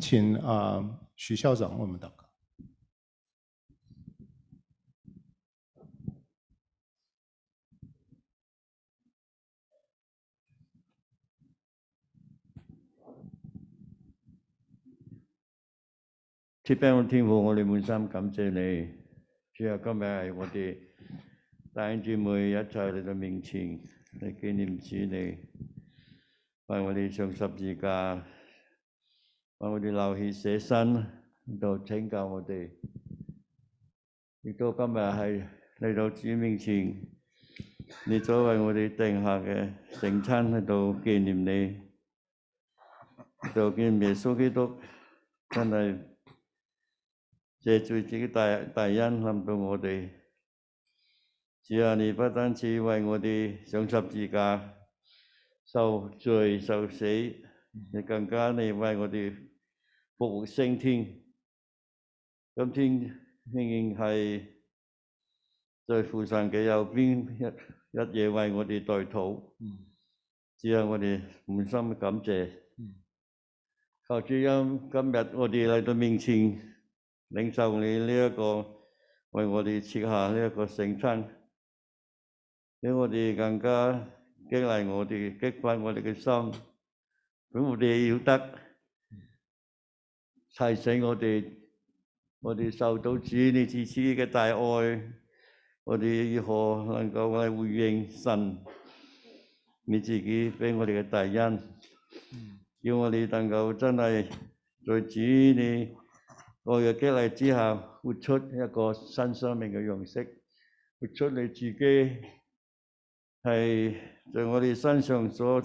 請啊，徐校長為我們禱告。接班的天父，我哋滿心感謝你。主啊，今日係我哋帶住每一載嚟到你面前嚟紀念主你，為我哋上十字架。為我哋流血捨身，就請教我哋。亦都今日係嚟到主面前，你作為我哋訂下嘅聖餐喺度紀念你，就見耶穌基督真係借住自己大大恩臨到我哋。主啊，你不單止為我哋上十字架受罪受死，你更加你為我哋。步步升天，今天仍然係在父神嘅右邊一一夜為我哋代禱，只有我哋滿心感謝。求主因今日我哋嚟到面前領受你呢一個為我哋設下呢一個聖餐，俾我哋更加激勵我哋，激發我哋嘅心，俾我哋要得。提醒我哋，我哋受到主你自己嘅大愛，我哋如何能夠去回應神你自己俾我哋嘅大恩，叫我哋能夠真係在主你愛嘅激勵之下，活出一個新生命嘅樣式，活出你自己係在我哋身上所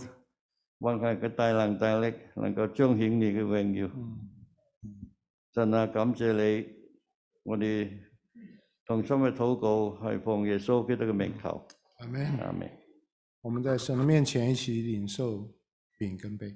運行嘅大能大力，能夠彰顯你嘅榮耀。神啊，感謝你，我哋同心去禱告，係奉耶穌基督嘅名頭。阿門。阿門。我們在神面前一起領受餅跟杯。